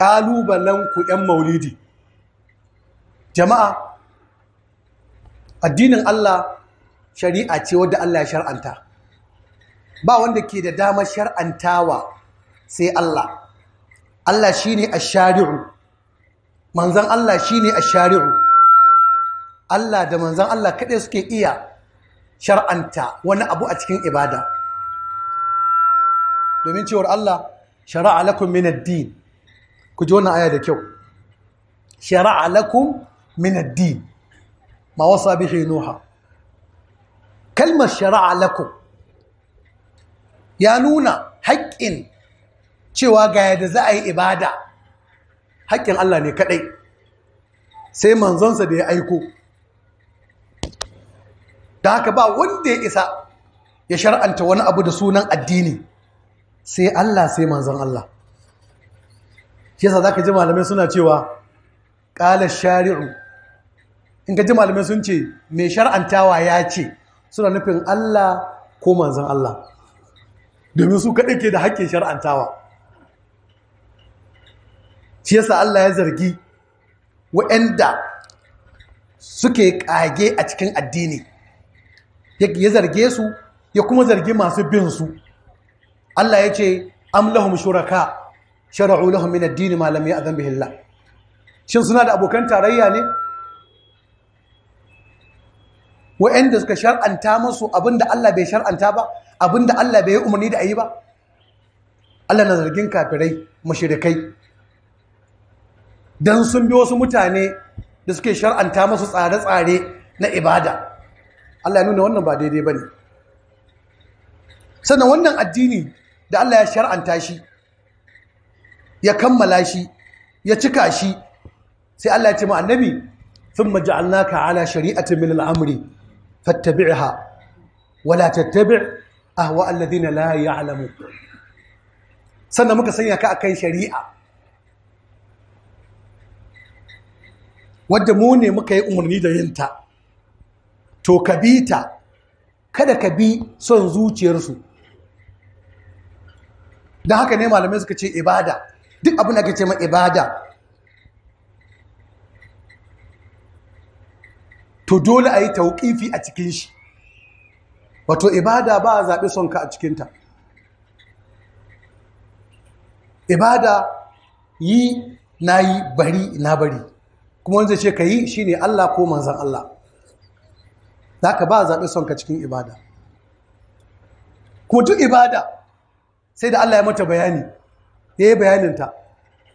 Ƙalubalenku ku 'yan maulidi jama'a addinin Allah shari'a ce wadda Allah ya shar'anta ba wanda ke da damar shar'antawa sai Allah Allah ne a shariu Manzan Allah ne a shariu Allah da manzan Allah kaɗai suke iya shar'anta wani abu a cikin ibada domin cewar Allah shara'a lakum min ad-din ku ji wannan aya da kyau shara'a lakum min ad-din ma wasa bihi nuha kalmar shara'a lakum ya nuna haƙƙin cewa ga yadda za a yi ibada haƙƙin Allah ne kaɗai sai manzonsa da ya aiko da haka ba wanda ya isa ya shar'anta wani abu da sunan addini sai Allah sai manzon Allah shi yasa zaka ji malamai suna cewa qala shari'u in ka ji malamai sun ce mai shar'antawa ya ce suna nufin Allah ko manzon Allah domin su kaɗai ke da haƙƙin shar'antawa shi yasa Allah ya zargi waɗanda suke ƙage a cikin addini ya zarge su ya kuma zargi masu bin su Allah ya ce amlahum shuraka shara'u lahum min ad-din ma lam bihi shin suna da abokan tarayya ne wa'anda suka shar'anta musu abinda Allah bai shar'anta ba abinda Allah bai yi umarni da ayi ba Allah na zargin kafirai mushrikai dan sun bi wasu mutane da suke shar'anta masu tsare-tsare na ibada Allah ya nuna wannan ba daidai bane sannan wannan addini da Allah ya shar'anta shi ya kammala shi ya cika shi sai Allah ya ce ma annabi thumma ja'alnaka ala shari'atin min al-amri fattabi'ha wa la ahwa alladhina la ya'lamu sannan muka sanya ka akan shari'a wadda mu ne muka yi umarni da yinta to ka bi ta kada ka bi son zuciyarsu don haka ne malamai suka ce ibada duk abin da ke ce ma ibada to dole a yi tauƙifi a cikin shi wato ibada ba a zaɓi sonka a cikinta ibada yi na yi bari na bari kuma wanzu ce ka yi shi ne Allah ko manzan Allah za ka ba a zaɓi sonka cikin ibada kuma duk ibada sai da Allah ya mata bayani ya yi bayaninta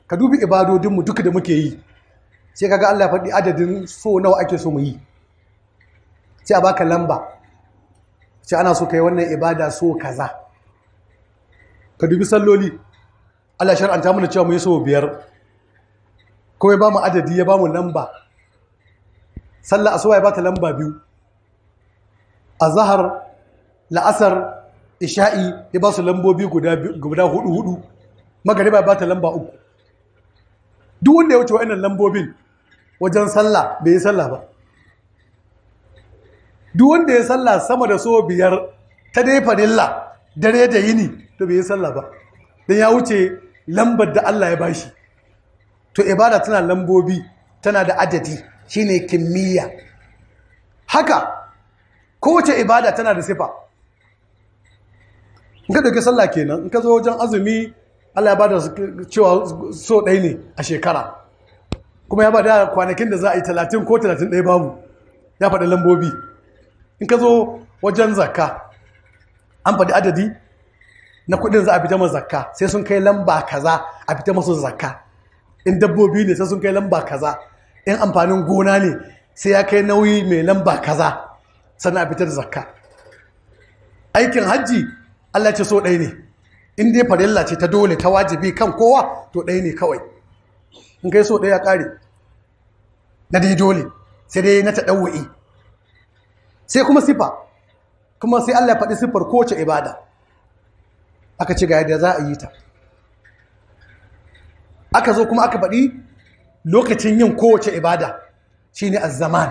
ka dubi ibadodinmu duka da muke yi sai ga Allah faɗi adadin so nawa ake so mu yi sai a baka lamba sai ana so ka yi wannan ibada so kaza ka dubi salloli Allah shar'anta mana cewa mu yi so biyar kawai ba mu adadi ya ba mu lamba sallah asuba ya ba ta lamba biyu azhar la'asar isha'i ya ba su lambobi guda hudu hudu magariba ba ta lamba uku duk wanda ya wuce wa'annan lambobin wajen sallah bai yi sallah ba duk wanda ya sallah sama da so biyar ta dai fadilla dare da yini to bai yi sallah ba don ya wuce lambar da Allah ya bashi to ibada tana lambobi tana da adadi shine kimiyya haka kowace ibada tana da sifa in ka ɗauki sallah kenan in ka zo wajen azumi Allah ya bada cewa so ɗaya ne a shekara kuma ya bada kwanakin da za a yi talatin ko talatin ɗaya babu ya faɗi lambobi in ka zo wajen zakka an faɗi adadi na kuɗin za a fita masa zakka sai sun kai lamba kaza a fita masu zakka in dabbobi ne sai sun kai lamba kaza in amfanin gona ne sai ya kai nauyi mai lamba kaza sannan a fitar zakka aikin hajji Allah ce so ɗaya ne in dai farilla ce ta dole ta wajibi kan kowa to ɗaya ne kawai in kai so ɗaya ƙare na dai dole sai dai na taɗawwa'i sai kuma sifa kuma sai Allah faɗi siffar kowace ibada aka ci ga yadda za a yi ta aka zo kuma aka faɗi lokacin yin kowace ibada shine azzaman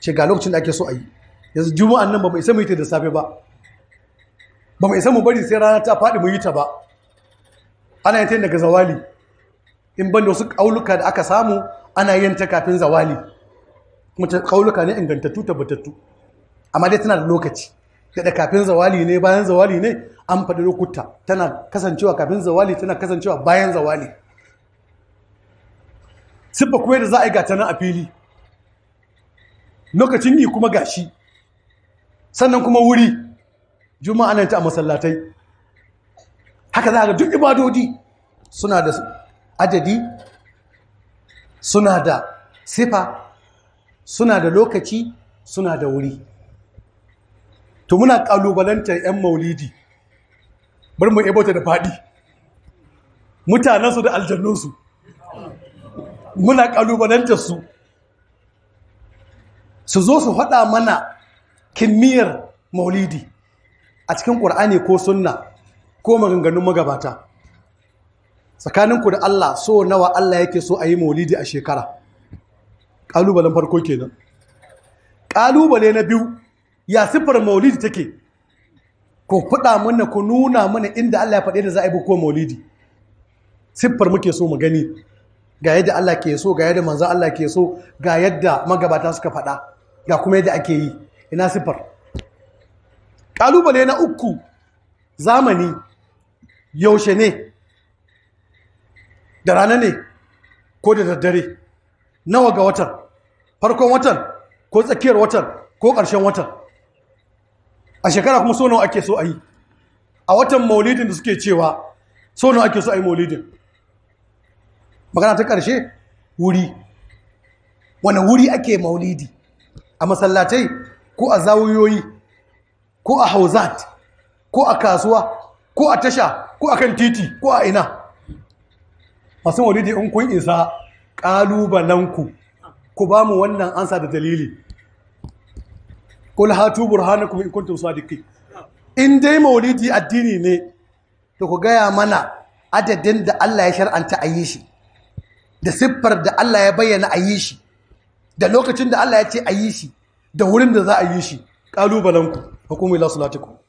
ce ga lokacin da ake so a yi yanzu juma'an nan ba mu isa mu yi ta da safe ba ba mai samun mu bari sai rana ta faɗi mu yi ta ba ana yin ta daga zawali in ban da wasu ƙauluka da aka samu ana yin ta kafin zawali kuma ƙauluka ne ingantattu tabbatattu amma dai tana da lokaci da kafin zawali ne bayan zawali ne an faɗi lokuta tana kasancewa kafin zawali tana kasancewa bayan zawali siffa kuma da za a yi gata nan a fili lokacin yi kuma gashi sannan kuma wuri juma'a nan ta masallatai haka za ga duk ibadodi suna da adadi suna da sifa suna da lokaci suna da wuri to muna kalubalantar 'yan maulidi bari mu ibota da faɗi mutanensu da aljannunsu muna kalubalantar su su zo su faɗa mana kimiyyar maulidi a cikin ƙur'ani ko sunna ko maganganun magabata tsakaninku da Allah so nawa Allah yake so a yi maulidi a shekara ƙalubalen farko kenan ƙalubale na biyu ya siffar maulidi take ko faɗa mana ku nuna mana inda Allah ya faɗe da za a yi bukuwa maulidi siffar muke so mu gani ga yadda Allah ke so ga yadda manzan Allah ke so ga yadda magabata suka faɗa ga kuma yadda ake yi ina siffar kalubale na uku zamani yaushe ne da rana ne ko da daddare nawa ga watan farkon watan ko tsakiyar watan ko ƙarshen watan a shekara kuma so nawa ake so a yi a watan maulidin da suke cewa so ake so a yi maulidin magana ta ƙarshe wuri wani wuri ake maulidi a masallatai ko a zawuyoyi ko a hauzat ko a kasuwa ko a tasha ko a kan titi ko a ina masu maulidi in kun isa kalubalanku ku ba mu wannan ansa da dalili kul hatu kuma in kuntum sadiki in dai maulidi addini ne da ku gaya mana adadin da Allah ya shar'anta a yi shi da siffar da Allah ya bayyana a yi shi da lokacin da Allah ya ce a yi shi da wurin da za a yi shi ƙalubalanku. hukumu ila salatikum